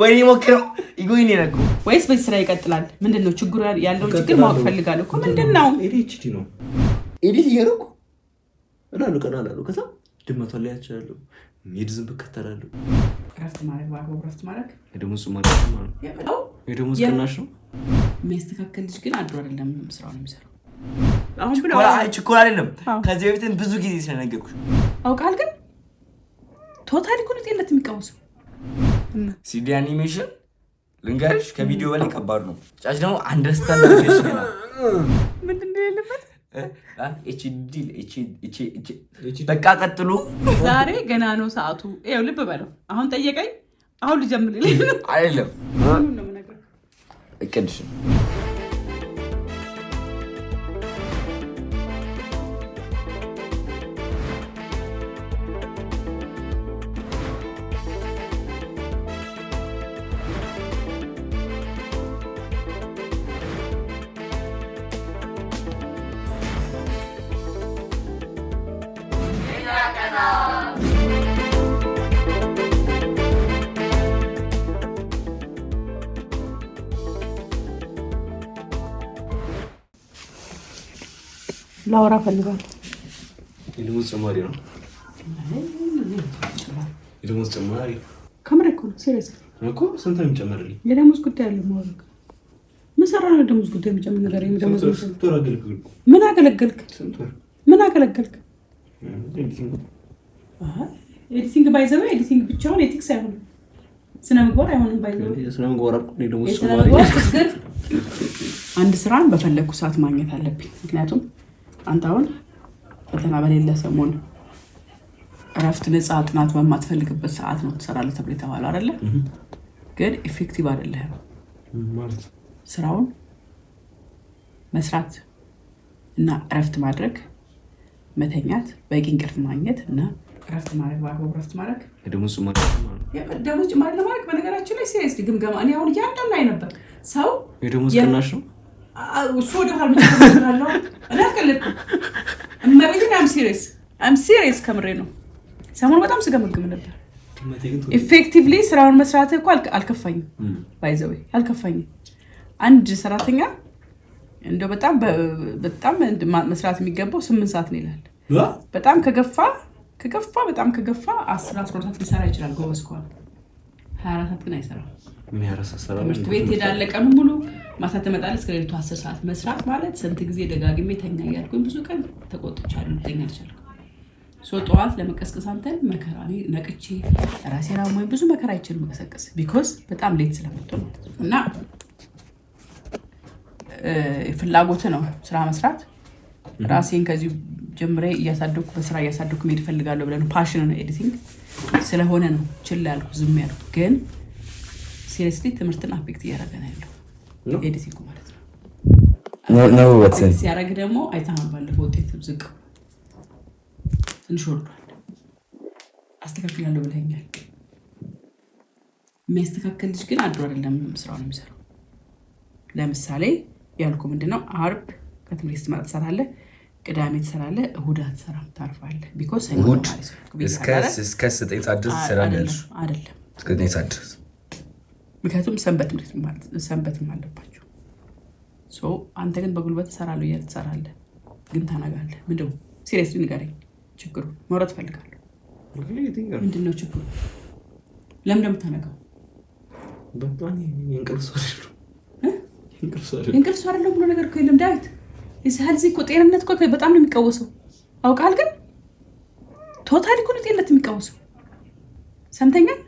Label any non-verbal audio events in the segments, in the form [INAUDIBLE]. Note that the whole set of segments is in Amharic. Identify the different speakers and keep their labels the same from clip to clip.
Speaker 1: ወይኔ ሞክረው ይጎይኔ ነኩ
Speaker 2: ወይስ በዚህ ስራ ይቀጥላል? ምንድን ነው ችግሩ? ያለውን ችግር ማወቅ ፈልጋለሁ እኮ ምንድን ነው?
Speaker 1: ኤዲኤችዲ ነው። ኤዲት እያደረኩ እላለሁ፣ ቀና እላለሁ። ከዛ ድመቷ ላይ ያችላለሁ፣ ሜድ ዝንብ እከተላለሁ።
Speaker 2: እረፍት ማድረግ ባርበው እረፍት ማድረግ
Speaker 1: የደሞዝ ጭማሪ ነው፣ የደሞዝ ቅናሽ ነው።
Speaker 2: የሚያስተካከል ልጅ ግን አድሮ አይደለም ስራውን የሚሰራው
Speaker 1: ችኮል አይደለም። ከዚህ በፊት ብዙ ጊዜ ስለነገርኩሽ
Speaker 2: አውቃል። ግን ቶታሊ ኩንጤ ለት የሚቃወሰው
Speaker 1: ሲዲ አኒሜሽን ልንገርሽ ከቪዲዮ በላይ ከባድ ነው። ጫጭ ደግሞ አንደርስታንድ ልሽ [LAUGHS] ነው በቃ ቀጥሉ።
Speaker 2: ዛሬ ገና ነው ሰዓቱ። ይኸው ልብ በለው። አሁን ጠየቀኝ፣ አሁን ልጀምር
Speaker 1: አይደለም እቅድሽ
Speaker 2: ላውራ ፈልጋለሁ።
Speaker 1: የደሞዝ ጭማሪ ነው። የደሞዝ ጭማሪ
Speaker 2: ከምሬ እኮ ነው። ሲሪየስ
Speaker 1: እኮ ስንት ነው የሚጨምርልኝ?
Speaker 2: የደሞዝ ጉዳይ አለ ማወቅ ምን ሰራ ነው? የደሞዝ ጉዳይ የሚጨምር ነገር ምን አገለገልክ? ምን አገለገልክ? ኤዲቲንግ ባይዘበ ኤዲቲንግ ብቻውን ኤቲክስ አይሆንም፣ ስነ ምግባር አይሆንም። ባይዘበ አንድ ስራን በፈለግኩ ሰዓት ማግኘት አለብኝ፣ ምክንያቱም አንተ አሁን ፈተና በሌለ ሰሞን እረፍት፣ ነፃ ጥናት በማትፈልግበት ሰዓት ነው ትሰራለህ ተብሎ የተባለው አይደለ? ግን ኢፌክቲቭ አይደለህም። ስራውን መስራት እና እረፍት ማድረግ መተኛት፣ በቂ እንቅልፍ ማግኘት እና እረፍት ማድረግ በአግባቡ እረፍት ማድረግ ደሞዝ ጭማሪ ለማድረግ በነገራችን ላይ ሲሪየስሊ ግምገማ እኔ አሁን እያንዳንዱ ላይ ነበር ሰው
Speaker 1: የደሞዝ ቅናሽ ነው
Speaker 2: እሱ አም ሲሪየስ ከምሬ ነው። ሰሞኑን በጣም ስገመግም ነበር። ኢፌክቲቭሊ ስራውን መስራት እኮ አልከፋኝም፣ ባይዘዌ አልከፋኝም። አንድ ሰራተኛ እንደው በጣም በጣም መስራት የሚገባው ስምንት ሰዓት ነው ይላል። በጣም ከገፋ ከገፋ በጣም ከገፋ አስራ ሰዓት ሊሰራ ይችላል ጎበዝ ከሆነ ሀያ አራት ሰዓት ግን አይሰራም። ትምህርት ቤት ሄዳለህ ቀኑን ሙሉ ማታ ትመጣለህ። እስከ ሌሊቱ አስር ሰዓት መስራት ማለት ስንት ጊዜ ደጋግሜ ተኛ እያልኩኝ ብዙ ቀን ተቆጥቻለሁ። ልተኛ አልቻልኩም። ሶ ጠዋት ለመቀስቀስ አንተን መከራ ነቅቼ ራሴ ራ ወይም ብዙ መከራ አይችል መቀሰቀስ ቢኮዝ በጣም ሌት ስለመጡ እና ፍላጎት ነው ስራ መስራት ራሴን ከዚህ ጀምሬ እያሳደኩ በስራ እያሳደኩ መሄድ እፈልጋለሁ ብለን ፓሽን ነው ኤዲቲንግ ስለሆነ ነው ችላ ያልኩ ዝም ያልኩ። ግን ሲሪየስሊ ትምህርትን አፌክት እያደረገ ነው ያለው ኤዲቲንግ ማለት ነው። ሲያደረግ ደግሞ አይተሃል፣ ባለፈው ውጤት ዝቅ ትንሽ ወርዷል። አስተካክላለሁ ብለኛል። የሚያስተካክል ልጅ ግን አድሮ አይደለም ነው የሚሰራው። ለምሳሌ ያልኩ ምንድነው አርብ ከትምህርት ስትመጣ ትሰራለህ ቅዳሜ ትሰራለህ፣ እሁድ አትሰራም፣ ታርፋለህ። ቢኮዝ
Speaker 1: እስከ ዘጠኝ ሰዓት ድረስ ትሰራለህ አይደለም? እስከ ዘጠኝ ሰዓት ድረስ
Speaker 2: ምክንያቱም ሰንበትም አለባቸው። አንተ ግን በጉልበት እሰራለሁ እያልክ ትሰራለህ፣ ግን ታነጋለህ። ምንድን ነው ሲሪየስሊ ንገረኝ፣ ችግሩ መውረድ እፈልጋለሁ። ምንድን ነው ችግሩ? ለምን ታነጋው?
Speaker 1: እንቅልፍ
Speaker 2: ሰው አይደለም ብሎ ነገር እኮ የለም ዳዊት የዚህ ልጅ እኮ ጤንነት እኮ በጣም ነው የሚቃወሰው። አውቃል ግን ቶታሊ እኮ ነው ጤንነት የሚቃወሰው። ሰምተኛል።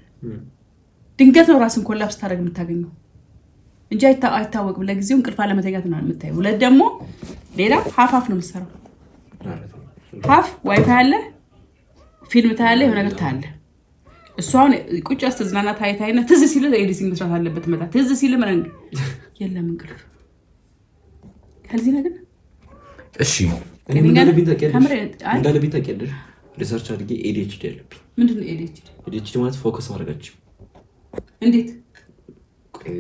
Speaker 2: ድንገት ነው ራስን ኮላፕስ ታደርግ የምታገኘው እንጂ አይታወቅም። ለጊዜው እንቅልፍ አለመተኛት ነው የምታየው። ሁለት ደግሞ ሌላ ሀፍ ሀፍ ነው የምትሰራው። ሀፍ ዋይፋ ያለ ፊልም ታያለ፣ የሆነ ነገር ታያለ። እሱ አሁን ቁጭ አስተዝናና ታይታይና ትዝ ሲል ኤዲሲ መስራት አለበት። መጣ ትዝ ሲል የለም እንቅልፍ ከዚህ ነገር
Speaker 1: እሺ እንዳለ ቤት ታውቂያለሽ፣ ሪሰርች አድርጌ ኤዲኤችዲ አለብኝ።
Speaker 2: ምንድን ነው ኤዲኤችዲ?
Speaker 1: ኤዲኤችዲ ማለት ፎከስ ማድረጋችም። እንዴት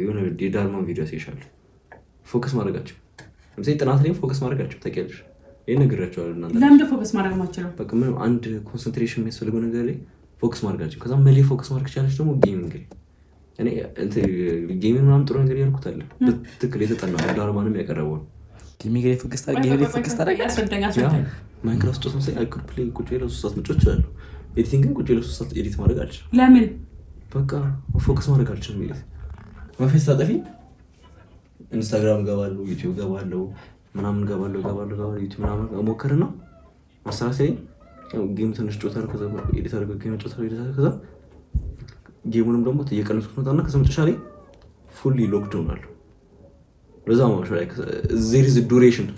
Speaker 1: የሆነ የዳርማን ቪዲዮ አሳይሻለሁ። ፎከስ ማድረጋቸው ለምሳሌ ጥናት ላይም ፎከስ ማድረጋቸው ታውቂያለሽ። ይሄን ነግሬያቸዋለሁ።
Speaker 2: እናንተ ለምንድን ፎከስ ማድረግ ማችለው?
Speaker 1: በቃ ምንም አንድ ኮንሰንትሬሽን የሚያስፈልገው ነገር ላይ ፎከስ ማድረጋቸው። ከዛ መሌ ፎከስ ማድረግ ቻለች ደግሞ ጌሚንግ እኔ ጌሚንግ ምናምን ጥሩ ነገር ያልኩት አለ። በትክክል የተጠና ዳርማንም ያቀረበውን የሚገርም ፍቅስ ታደርግ ይሄ ፍቅስ ታደርግ ማይንክራፍት ጨዋታ ምሳሌ አይ ቁጭ ላይ ቁጭ ብለው ሶስት ሰዓት መጫወት አሉ። ኤዲቲንግ ግን ቁጭ ብለው ሶስት ሰዓት ኤዲት ማድረግ አልችልም። ለምን በቃ ፎክስ ማድረግ አልችልም። ኤዲት መፌስ ታጠፊ ኢንስታግራም ገባሉ፣ ዩቲዩብ ገባለው፣ ምናምን ገባለው፣ ገባለሁ ገባለሁ ዩቲዩብ ምናምን ሞከር እሞክርና ማሰላሰይ ጌም ትንሽ ጨዋታ ነው። ከዛ ኤዲት አድርገው ጌም ጨዋታ ነው። ከዛ ጌሙንም ደግሞ እየቀነስኩት መጣና ከዛ መጨረሻ ላይ ፉሊ ሎክዳውን አለሁ በዛ ማሽ ላይ ኢዝ ዱሬሽን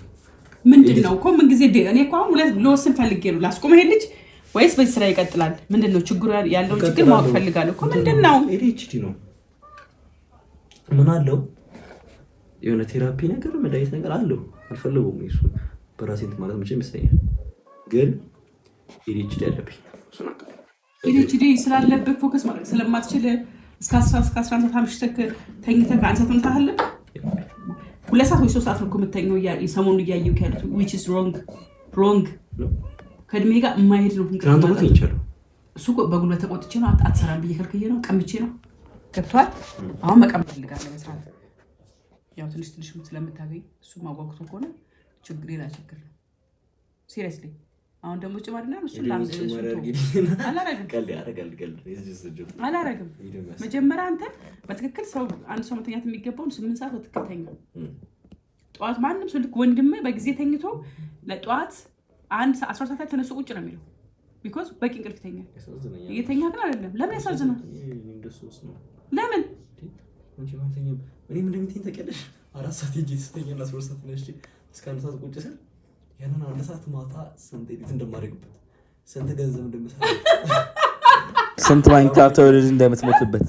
Speaker 2: ምንድን ነው እኮ ምን ጊዜ እኔ እኮ አሁን ለወስን ፈልጌ ነው ላስቆመ ይሄ ልጅ ወይስ በዚህ ስራ ይቀጥላል? ምንድን ነው ችግሩ? ያለውን ችግር ማወቅ ፈልጋለሁ እኮ ምንድን ነው
Speaker 1: ኤዲኤችዲ ነው ምን አለው? የሆነ ቴራፒ ነገር መድኃኒት ነገር አለው አልፈለጉም። ሱ በራሴ ማለት መቼም ይመስለኛል፣ ግን ኤዲኤችዲ አለብኝ።
Speaker 2: ኤዲኤችዲ ስላለብህ ፎከስ ማለት ስለማትችል እስከ አስራ አንድ ሰዓት ተኝተህ ከአንድ ሰዓት ምታህለን ሁለት ሰዓት ወይ ሶስት ሰዓት ነው እኮ የምተኛው ሰሞኑን እያየሁ ያሉት ዊች ኢዝ ሮንግ ሮንግ ከእድሜ ጋር የማይሄድ
Speaker 1: ነው።
Speaker 2: እሱ በጉልበት ተቆጥቼ ነው አትሰራም ብዬ ከልክዬ ነው ቀምቼ ነው ገብቷል። አሁን መቀም ፈልጋለ መስራት ያው ትንሽ ትንሽ ስለምታገኝ እሱ ማጓጉቶ ከሆነ ችግር ሌላ ችግር ነው ሲሪየስሊ አሁን ደግሞ ጭማሪ ና እሱ አላረግም። መጀመሪያ አንተ በትክክል ሰው አንድ ሰው መተኛት የሚገባውን ስምንት ሰዓት በትክክል ተኛ። ጠዋት ማንም ሰው ልክ ወንድሜ በጊዜ ተኝቶ ለጠዋት አንድ አስራ ሰዓት ላይ ተነሱ ቁጭ ነው የሚለው ቢኮዝ በቂ እንቅልፍ ይተኛል። እየተኛ ግን አይደለም። ለምን ያሳዝናል? ለምን
Speaker 1: እኔም እንደሚተኝ ተቀለሽ አራት ሰዓት ጅ ስተኛ ና ስር ሰዓት እስከ አንድ ሰዓት ቁጭ ስል ያንን አንድ ሰዓት ማታ ስንት ቤት እንደማደርግበት ስንት ገንዘብ እንደምሰራ ስንት ማይንክራፍት ወርልድ እንደምትሞትበት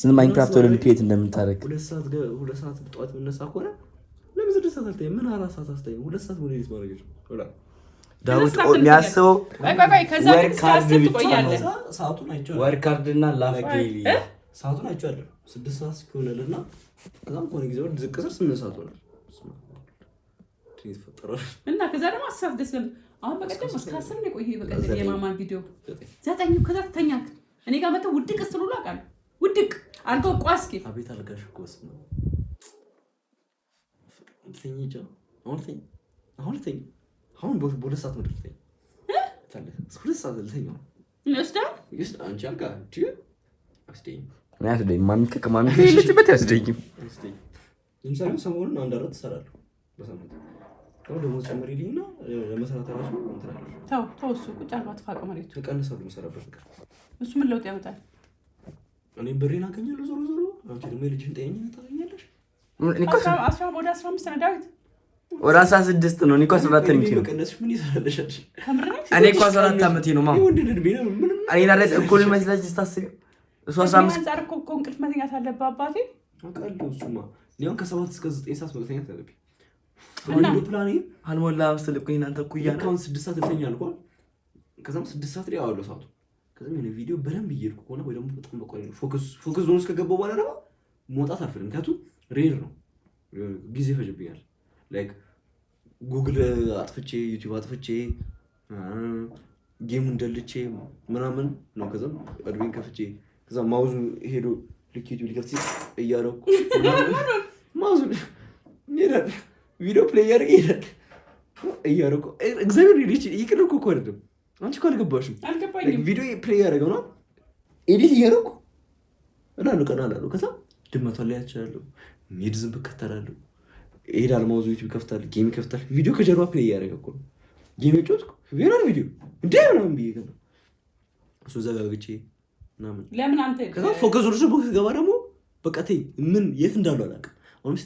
Speaker 1: ስንት ማይንክራፍት ወርልድ ክሬት እንደምታደርግ ሁለት ሰዓት ጠዋት የምነሳ ከሆነ ለምን ስድስት ሰዓት አልተኝም? ምን አራት ሰዓት አስተኝም? ሁለት ሰዓት ሙሉ ሌሊት ማድረግ ዳዊት የሚያስበው ወርካርድ እና ላፍጌ ሰዓቱን አይቼዋለሁ። ስድስት ሰዓት እስኪሆንልና ከዛም ከሆነ ጊዜ ዝቅ ስል ስምንት ሰዓት ሆናል።
Speaker 2: የተፈጠረው እና ከዛ ደግሞ አስር አሁን በቀደም እስከ አስር ነው የቆየ። በቀደም የማማን ቪዲዮ ዘጠኝ ከዛ እኔ ጋር መተው ውድቅ ስትሉላ ቃል ውድቅ አንተ ቋስኪ
Speaker 1: አቤት አልጋሽ ጎስ ነው አሁን በሁለት ሰዓት ምድር ተኝ ሁለት ሰዓት ሰሞኑን አንድ አራት በሳምንት ደግሞ ደግሞ ጨምር ይልኝና ለመስራት ራሱ
Speaker 2: ተው ተው፣ እሱ ቁጭ አልባ ትፋቀ መሬቱ
Speaker 1: ተቀንሳሉ መሰራበት ፍቅር
Speaker 2: እሱ ምን ለውጥ ያመጣል?
Speaker 1: እኔ ብሬን አገኛለሁ ዞሮ ዞሮ። አንቺ ደግሞ የልጅን ጤነኝነት ታገኛለሽ።
Speaker 2: ወደ አስራ አምስት ነው ዳዊት፣
Speaker 1: ወደ አስራ ስድስት ነው። እኔ እኮ አስራ አራት ዓመቴ ነው። እኔ እኮ አስራ አራት ዓመቴ ነው። ማ እኔ ላይ እኩል መስለች ስታስቢ
Speaker 2: እሱ አስራ አምስት ከእንቅልፍ መተኛት አለብህ አባቴ።
Speaker 1: እሱማ ከሰባት እስከ ዘጠኝ ሰዓት መተኛት አለብኝ ፕላን አልሞላም ስልኩኝ እናንተ እኩያ ነው። አሁን ስድስት ሰዓት ልተኛ አልኳል። ከዛም ስድስት ሰዓት ላይ አዋለው ሰዓቱ። ከዛም የሆነ ቪዲዮ በደንብ እየሄድኩ ከሆነ ወይ ደግሞ በጣም በቆይ ፎከስ ዞን ውስጥ ከገባሁ በኋላ ደግሞ መውጣት አልፈልም። ምክንያቱም ሬር ነው ጊዜ ይፈጅብኛል። ላይክ ጉግል አጥፍቼ ዩቲዩብ አጥፍቼ ጌሙ እንደልቼ ምናምን ነው። ከዛም እድሜን ከፍቼ ከዛ ማውዙ ሄዶ ልክ ዩቲዩብ ሊከፍት እያለው [LAUGHS] ማውዙ ሄዳል ቪዲዮ ፕሌይ እያደረገ ይሄዳል እያደረኩ እግዚአብሔር ሌሎች እየቀረብኩ እኮ አይደለም። አንቺ እኮ አልገባሽም። ቪዲዮ ፕሌይ ነው ኤዲት እያደረኩ ቀና ከዛ ላይ ዝንብ ይሄዳል። ይከፍታል፣ ጌም ይከፍታል። ቪዲዮ ከጀርባ ፕሌይ እያደረገ እኮ ነው ጌም ቪዲዮ እንደ ምናምን ብዬ እሱ ዘጋግቼ ምናምን ፎከስ ወደ ቦክስ ገባ ደግሞ በቃ ምን የት እንዳሉ አላውቅም። አሁን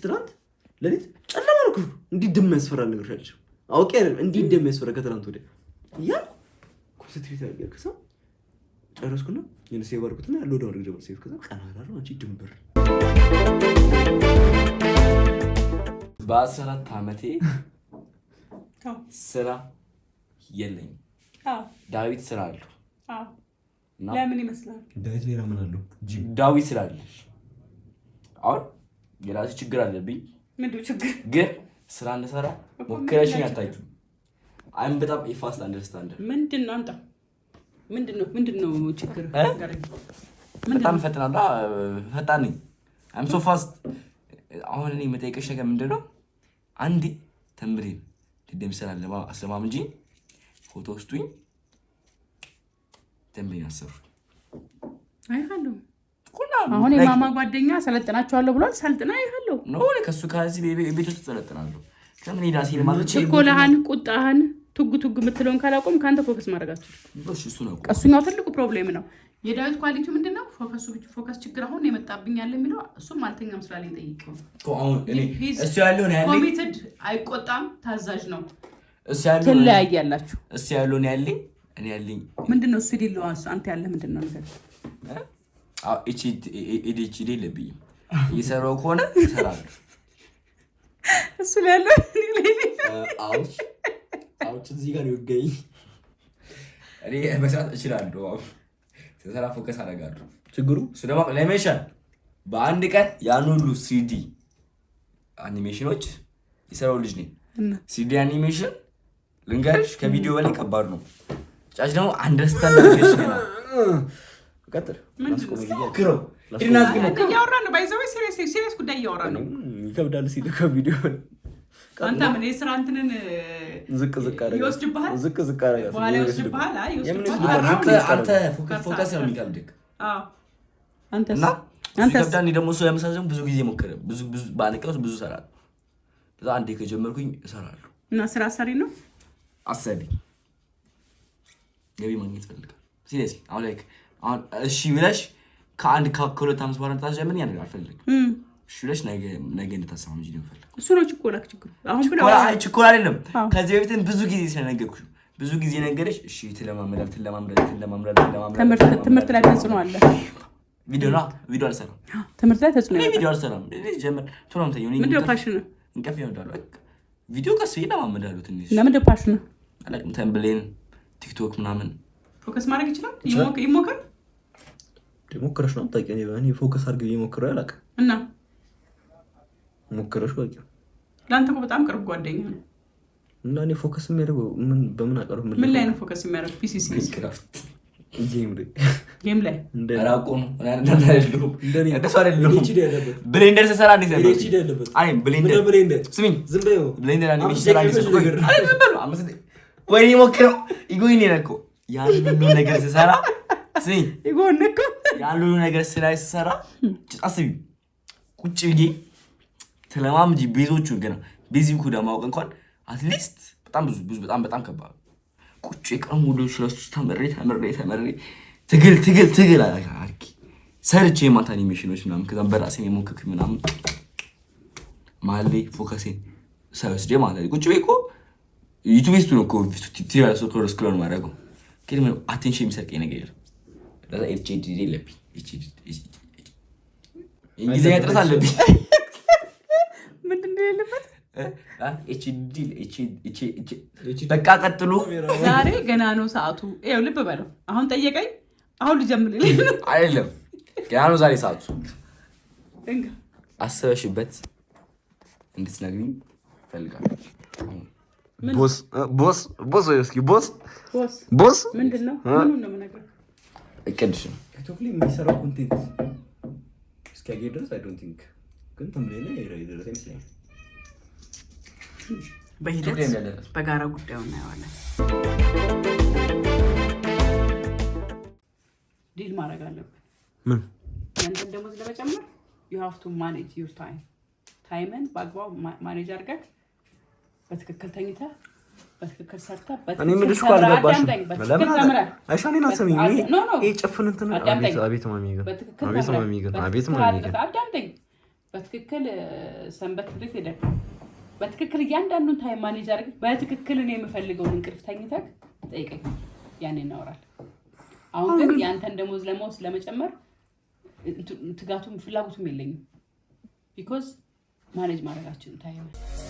Speaker 1: እያልኩ እንዲህ ደም ያስፈራ ነገር አልችልም። አውቄ አይደለም እንዲህ ደም ያስፈራ ከትናንት ወዲያ እያልኩ ኮስት ፊት ያገር ከዛ ጨረስኩና ይህን ሴቭ አድርጉትና ያለ ወደ ማድረግ ጀመር ሴቭ ከዛ ቀናዳሩ አንቺ ድንብር በአስራ አራት ዓመቴ ስራ የለኝም። ዳዊት ስራ አለው።
Speaker 2: ለምን ይመስላል?
Speaker 1: ዳዊት ሌላ ምን አለው? ዳዊት ስራ አለ። አሁን የራሴ ችግር አለብኝ ግን ስራ እንሰራ አይም በጣም አንደርስታንድ
Speaker 2: ምንድን ነው አንተ ምንድን ነው ምንድን ነው ችግር?
Speaker 1: በጣም ፈጣን ነኝ። አይም ሶ ፋስት። አሁን እኔ መጠየቅሽ ነገር ምንድን ነው? አንዴ ተምሬን አስለማም እንጂ ፎቶ ውስጡኝ ተምሬን አሰሩ
Speaker 2: አሁን የማማ ጓደኛ ሰለጥናቸዋለሁ ብሏል። ሰልጥና ይሃለሁ
Speaker 1: ሆነ ከሱ ከዚህ ቤት ውስጥ ሰለጥናለሁ። ከምን ሄዳ ሲል ማለት
Speaker 2: ችኮላህን፣ ቁጣህን፣ ቱግ ቱግ የምትለውን ካላቆም ከአንተ ፎከስ ማድረጋችሁ እሱኛው ትልቁ ፕሮብሌም ነው። የዳዊት ኳሊቲ ምንድን ነው? ፎከስ ችግር አሁን የመጣብኛል የሚለው እሱም አልተኛም ስላለኝ ጠይቀው። ኮሚትድ አይቆጣም፣ ታዛዥ ነው። ትለያያላችሁ።
Speaker 1: እሱ ያለውን ያለኝ እኔ ያለኝ
Speaker 2: ምንድን ነው? እሱ የሌለው አንተ ያለ ምንድን ነው ነገር
Speaker 1: ኤዲችዲ የለብኝም። እየሰራው ከሆነ እሱ ላለው እዚህ ጋር እኔ መስራት እችላለሁ። ስሰራ ፎከስ አደርጋለሁ። ችግሩ እሱ ደግሞ በአንድ ቀን ያን ሁሉ ሲዲ አኒሜሽኖች የሰራው ልጅ ነኝ። ሲዲ አኒሜሽን ልንገርሽ ከቪዲዮ በላይ ከባድ ነው። ጫጭ ደግሞ አንደርስታንድ [LAUGHS] ቀጥል ክረው
Speaker 2: ነው፣ ባይዘወይ ሴሪየስ ጉዳይ እያወራን ነው።
Speaker 1: ይከብዳል ሲል ከቪዲዮ
Speaker 2: አንተ ምን የስራ እንትንን ዝቅ ዝቅ ይወስድብሃል፣ ዝቅ ዝቅ ይወስድብሃል።
Speaker 1: አንተ ፎከስ ነው የሚከብድህ። ደግሞ ሰው ብዙ ጊዜ ሞከረ። በአለቃ ብዙ እሰራለሁ። ከዛ አንዴ ከጀመርኩኝ እሰራለሁ
Speaker 2: እና ስራ አሰሪ ነው
Speaker 1: አሰሪ ገቢ ማግኘት ፈልጋል። ሲሪየስሊ አሁን ላይ እሺ ብለሽ ከአንድ ከሁለት አምስት በኋላ እንድታስጀምሪ ያደግ አልፈልግም። እሺ ብለሽ ነገ እንድታሰማ ነው የምፈልግ። እሱ ነው ችኮላ ችኮላ አይደለም። ከዚህ በፊት ብዙ ጊዜ ስለነገርኩሽ ብዙ ጊዜ ነገረች። እሺ ትለማመዳል ትለማመዳል ትለማመዳል
Speaker 2: ትለማመዳል። ትምህርት ላይ ተጽዕኖ አለ።
Speaker 1: ቪዲዮ ቪዲዮ አልሰራም። ትምህርት ላይ ተጽዕኖ ቪዲዮ አልሰራም። ጀምር ቶሎ ምተኛ
Speaker 2: ምንድነው ፓሽን
Speaker 1: እንቀፍ ይወዳሉ። ቪዲዮ ቀስ ይለማመዳሉ ትንሽ። ለምንድነው ፓሽን አላውቅም። ተንብሌን ቲክቶክ ምናምን
Speaker 2: ፎከስ ማድረግ ይችላል። ይሞክር
Speaker 1: ሞክረሽ ነው የምታውቂው? እኔ ፎከስ አድርጊ ብዬሽ ሞክሬ አላውቅም። እና ሞክረሽ በቂ።
Speaker 2: ለአንተ በጣም ቅርብ ጓደኛ ነው።
Speaker 1: እና እኔ ፎከስ የሚያደርገው በምን አቀርብ?
Speaker 2: ምን ላይ ነው ፎከስ የሚያደርገው?
Speaker 1: ፒሲሲ ጌም ላይ ብሌንደር ስሰራ ወይኔ ሞክረው ይጎይኔ ነኮ ያንን [LAUGHS] ነገር ስሰራ ስሚ ያን ነገር ስላይ ስላይሰራ አስቢ፣ ቁጭ ብዬ ተለማምጂ ቤዞቹ ገና ቤዚም ኩዳ ማወቅ እንኳን አትሊስት በጣም ብዙ ብዙ በጣም በጣም ከባድ ቁጭ የቀን ሙሉ ስለሱ ተምሬ ተምሬ ተምሬ ትግል ትግል ትግል አርኪ ሰርቼ የማታ አኒሜሽኖች ምናምን ከዛም በራሴ የሞክክ ምናምን ማሌ ላይ ፎከሴን ሳይወስደ ማለት ቁጭ ቤ እኮ ዩቱቤስቱ ነው ኮቪቱ ቲቪ ስኮሎር ማድረገው ግን አቴንሽን የሚሰጠኝ ነገር የለም። ለዛ ኤችዲዲ እንግሊዝኛ ጥረት አለብኝ።
Speaker 2: [LAUGHS] በቃ ቀጥሉ። ዛሬ ገና ነው ሰዓቱ። ይኸው ልብ በለው። አሁን ጠየቀኝ፣ አሁን ልጀምር [LAUGHS]
Speaker 1: አይደለም። ገና ነው ዛሬ ሰዓቱ። አስበሽበት እንድትነግሪኝ እፈልጋለሁ። ቦስ ቦስ ቦስ ቦስ ቦስ
Speaker 2: ምንድን ነው? ምኑን ነው
Speaker 1: እቅድሽ ነው ቲክቶክ ላይ የሚሰራው ኮንቴንት እስኪያገኝ ድረስ አይ ዶንት ቲንክ ግን ተምሬ ላይ የደረሰ ይመስለኛል።
Speaker 2: በሂደት በጋራ ጉዳዩ እናየዋለን። ዲል ማድረግ አለብን። ምን ያንተን ደሞዝ ለመጨመር ዩ ቱ ማኔጅ ዩር ታይም ታይምን በአግባቡ ማኔጅ አድርገህ በትክክል ተኝተህ በትክክል ሰርታ
Speaker 1: እኔ የምልሽ እኮ አልገባሽም። ለምን አይሻ እኔን አትሰሚኝም? ይሄ ጭፍን እንትን አቤት ማሚ ግን አቤት ማሚ ግን አቤት ማሚ ግን
Speaker 2: አዳምጠኝ። በትክክል ሰንበት ትምህርት ሄደን በትክክል እያንዳንዱን ታይም ማኔጅ አድርግ። በትክክል እኔ የምፈልገውን እንቅልፍ ተኝተህ ጠይቀኝ፣ ያኔ እናወራለን። አሁን ግን የአንተን ደሞዝ ለመውስ ለመጨመር ትጋቱም ፍላጎቱም የለኝም። ቢኮዝ ማኔጅ ማድረጋችን ታይም